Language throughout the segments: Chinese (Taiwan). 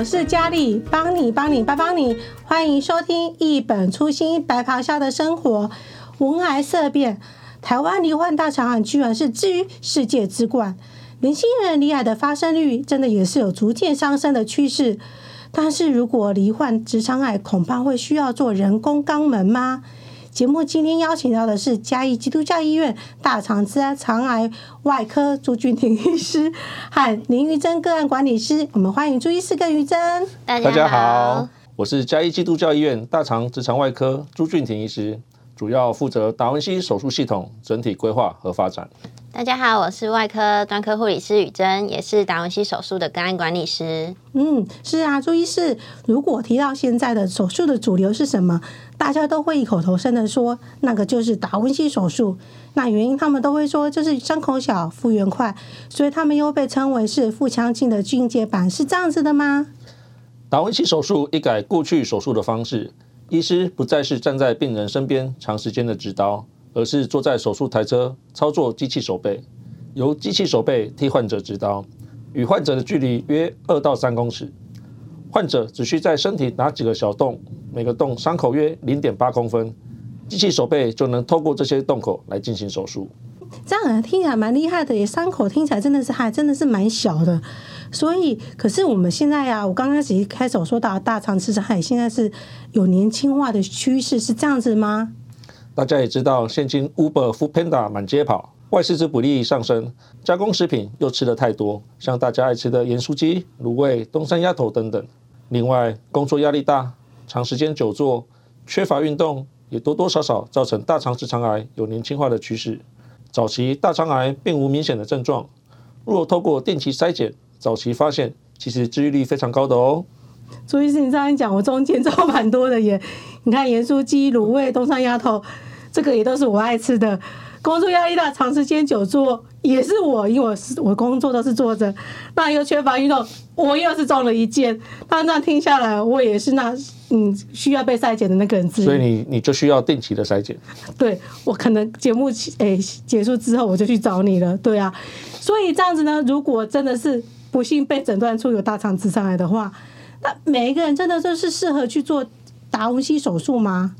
我是佳麗，幫你，幫你，幫你幫你。歡迎收聽《一本初心白袍下的生活》。聞癌色變，台灣罹患大腸癌居然是居世界之冠，年輕人罹癌的發生率真的也是有逐漸上升的趨勢。但是如果罹患直腸癌，恐怕會需要做人工肛門嗎？節目今天邀請到的是嘉義基督教醫院大腸直腸癌外科朱峻廷醫師和林妤臻個案管理師，我們歡迎朱醫師跟妤臻。大家好，我是嘉義基督教醫院大腸直腸外科朱峻廷醫師，主要負責達文西手術系統整體規劃和發展。大家好，我是外科專科護理師妤臻，也是達文西手術的個案管理師。嗯，是啊，朱醫師，如果提到現在的手術的主流是什麼，大家都會異口同聲的說，那個就是達文西手術。那原因他們都會說，就是傷口小、復原快，所以他們又被稱為是腹腔鏡的進階版，是這樣子的嗎？達文西手術一改過去手術的方式，醫師不再是站在病人身邊長時間的執刀。而是坐在手術台車操作機器手背，由機器手背替患者執刀，與患者的距離約二到三公尺。患者只需在身體打幾個小洞，每個洞傷口約零點八公分，機器手背就能透過這些洞口來進行手術。這樣、啊、聽起來蠻厲害的耶，傷口聽起來真的是還真的是蠻小的。所以，可是我們現在呀、啊，我剛開始開手術刀大腸直腸癌，現在是有年輕化的趨勢，是這樣子嗎？大家也知道，現今 Uber、Food Panda 滿街跑，外食之不利益上升，加工食品又吃的太多，像大家愛吃的鹽酥雞、滷味、東山鴨頭等等。另外，工作壓力大，長時間久坐，缺乏運動，也多多少少造成大腸直腸癌有年輕化的趨勢。早期大腸癌並無明顯的症狀，若透過定期篩檢，早期發現，其實治癒率非常高的哦。朱醫師，你上次講，我中間做蠻多的耶，你看鹽酥雞、滷味、東山鴨頭。這個也都是我愛吃的，工作壓力大，長時間久坐也是我，因為我是我工作都是坐着，那又缺乏運動，我又是中了一箭。那這樣聽下來，我也是那嗯需要被篩檢的那個人。所以你你就需要定期的篩檢。對，我可能節目誒、欸、結束之後我就去找你了，對啊。所以這樣子呢，如果真的是不幸被診斷出有大腸直腸癌的話，那每一個人真的就是適合去做達文西手術嗎？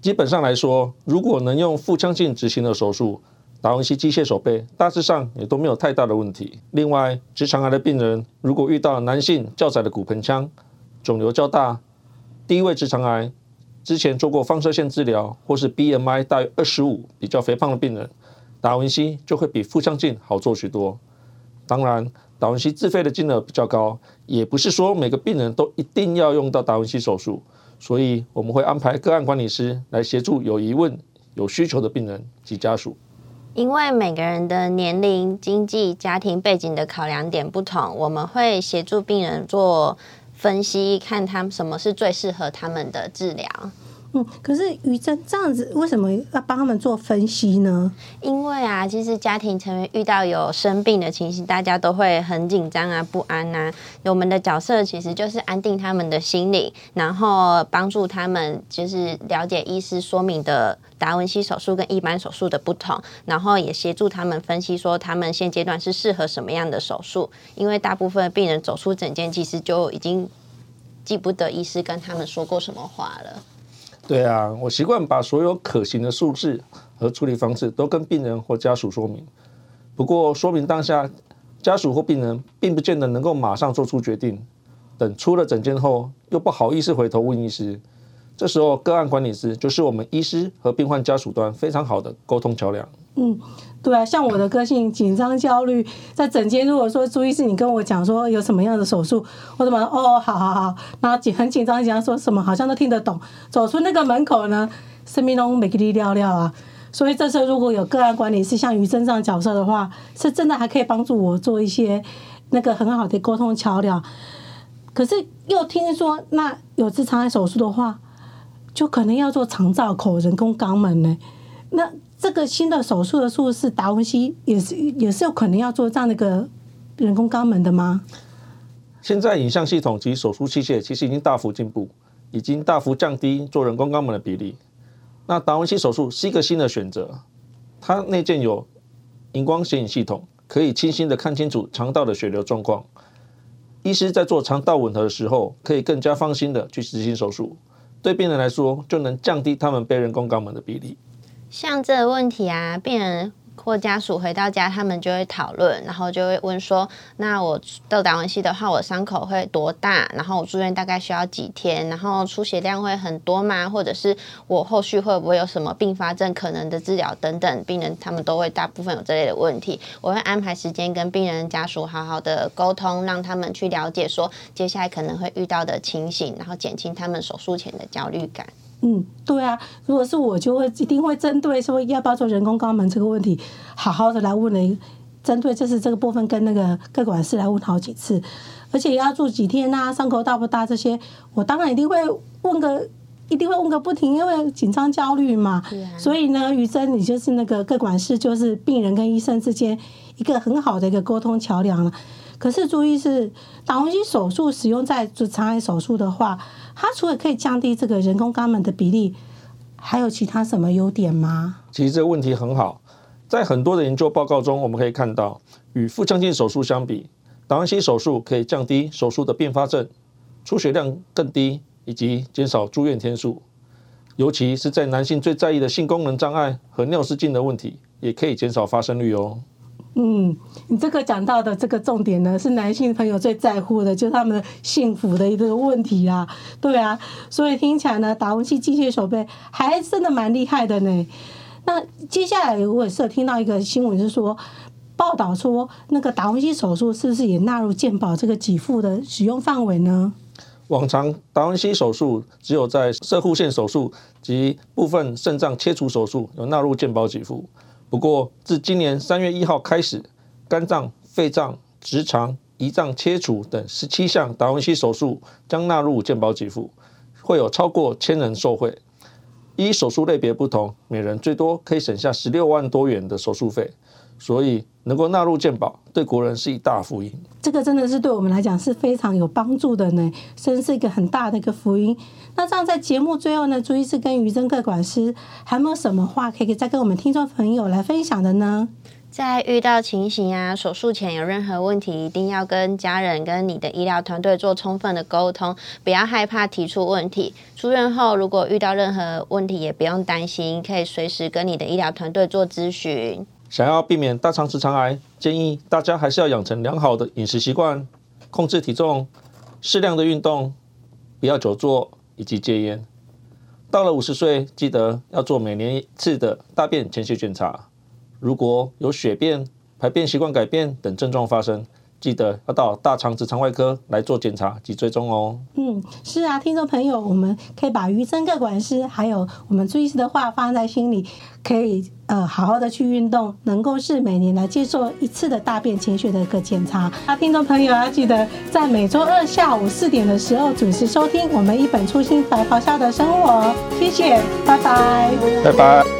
基本上來說，如果能用腹腔鏡執行的手術，達文西機械手臂大致上也都沒有太大的問題。另外，直腸癌的病人如果遇到男性較窄的骨盆腔、腫瘤較大、低位直腸癌、之前做過放射線治療或是 BMI 大於二十五比較肥胖的病人，達文西就會比腹腔鏡好做許多。當然，達文西自費的金額比較高，也不是說每個病人都一定要用到達文西手術。所以我們會安排個案管理師來協助有疑問、有需求的病人及家屬。因為每個人的年齡、經濟、家庭背景的考量點不同，我們會協助病人做分析，看他們什麼是最適合他們的治療。嗯，可是於真妤臻，這樣子，為什麼要幫他們做分析呢？因為啊，其實家庭成員遇到有生病的情形，大家都會很緊張啊、不安吶、啊。我們的角色其實就是安定他們的心理，然後幫助他們就是了解醫師說明的達文西手術跟一般手術的不同，然後也協助他們分析說他們現階段是適合什麼樣的手術。因為大部分病人走出診間，其實就已經記不得醫師跟他們說過什麼話了。對啊，我習慣把所有可行的數字和處理方式都跟病人或家屬說明。不過說明當下，家屬或病人並不見得能夠馬上做出決定，等出了診間後又不好意思回頭問醫師。這時候個案管理師就是我們醫師和病患家屬端非常好的溝通橋梁。嗯，對啊，像我的個性緊張、緊張焦慮，在診間如果說朱醫師你跟我講說有什麼樣的手術，我怎麼說哦，好好好，然後緊很緊張講說什麼，好像都聽得懂。走出那個門口呢，生命中每個人尿尿啊。所以這時候如果有個案管理師像妤臻這樣角色的話，是真的還可以幫助我做一些那個很好的溝通橋梁。可是又聽說那有直腸癌手術的話，就可能要做腸造口、人工肛門呢、欸，那。這個新的手術的術是達文西，也是也是有可能要做這樣的一個人工肛門的嗎？現在影像系統及手術器械其實已經大幅進步，已經大幅降低做人工肛門的比例。那達文西手術是一個新的選擇，它內建有熒光顯影系統可以清晰的看清楚腸道的血流狀況。醫師在做腸道吻合的時候，可以更加放心的去執行手術，對病人來說就能降低他們被人工肛門的比例。像這個問題啊，病人或家屬回到家，他們就會討論，然後就會問說：那我到達文西的話，我傷口會多大？然後我住院大概需要幾天？然後出血量會很多嗎？或者是我後續會不會有什麼併發症？可能的治療等等，病人他們都會大部分有這類的問題。我會安排時間跟病人家屬好好的溝通，讓他們去了解說接下來可能會遇到的情形，然後減輕他們手術前的焦慮感。嗯，對啊，如果是我就會一定會針對說要不要做人工肛門這個問題，好好的來問你，針對就是這個部分跟那個個管師來問好幾次，而且也要住幾天啊，傷口大不大這些，我當然一定會問個，一定會問個不停，因為緊張焦慮嘛。啊、所以呢，妤臻你就是那個個管師就是病人跟醫生之間一個很好的一個溝通橋樑了。可是注意是達文西手術使用在做腸癌手術的話。它除了可以降低這個人工肛門的比例，還有其他什麼優點嗎？其實這個問題很好，在很多的研究報告中，我們可以看到，與腹腔鏡手術相比，達文西手術可以降低手術的併發症、出血量更低，以及減少住院天數。尤其是在男性最在意的性功能障礙和尿失禁的問題，也可以減少發生率哦。嗯，你這個講到的這個重點呢，是男性朋友最在乎的，就是他們幸福的一個問題啊，對啊，所以聽起來呢，達文西機械手臂還真的蠻厲害的呢。那接下來我也是聽到一個新聞，是說報道說那個達文西手術是不是也納入健保這個給付的使用範圍呢？往常達文西手術只有在攝護腺手術及部分腎臟切除手術有納入健保給付。不過，自今年三月一號開始，肝臟、肺臟、直腸、胰臟切除等十七項達文西手術將納入健保給付，會有超過千人受惠。依手術類別不同，每人最多可以省下十六萬多元的手術費，所以能夠納入健保，對國人是一大福音。這個真的是對我們來講是非常有幫助的呢，真是一個很大的一個福音。那這樣在節目最後呢，朱醫師跟妤臻個管師，還有沒有什麼話可以再跟我們聽眾朋友來分享的呢？在遇到情形啊，手術前有任何問題，一定要跟家人、跟你的醫療團隊做充分的溝通，不要害怕提出問題。出院後如果遇到任何問題，也不用擔心，可以隨時跟你的醫療團隊做諮詢。想要避免大腸直腸癌，建議大家還是要養成良好的飲食習慣，控制體重，適量的運動，不要久坐，以及戒菸。到了五十歲，記得要做每年一次的大便潛血檢查。如果有血便、排便習慣改變等症狀發生，記得要到大腸直腸外科來做檢查及追蹤哦。嗯，是啊，聽眾朋友，我們可以把妤臻個管師還有我們朱醫師的話放在心裡，可以呃好好的去運動，能夠是每年來接受一次的大便潛血的一個檢查。那、啊、聽眾朋友要記得在每周二下午四點的時候準時收聽我們一本初心白袍下的生活。謝謝，拜拜，拜拜。拜拜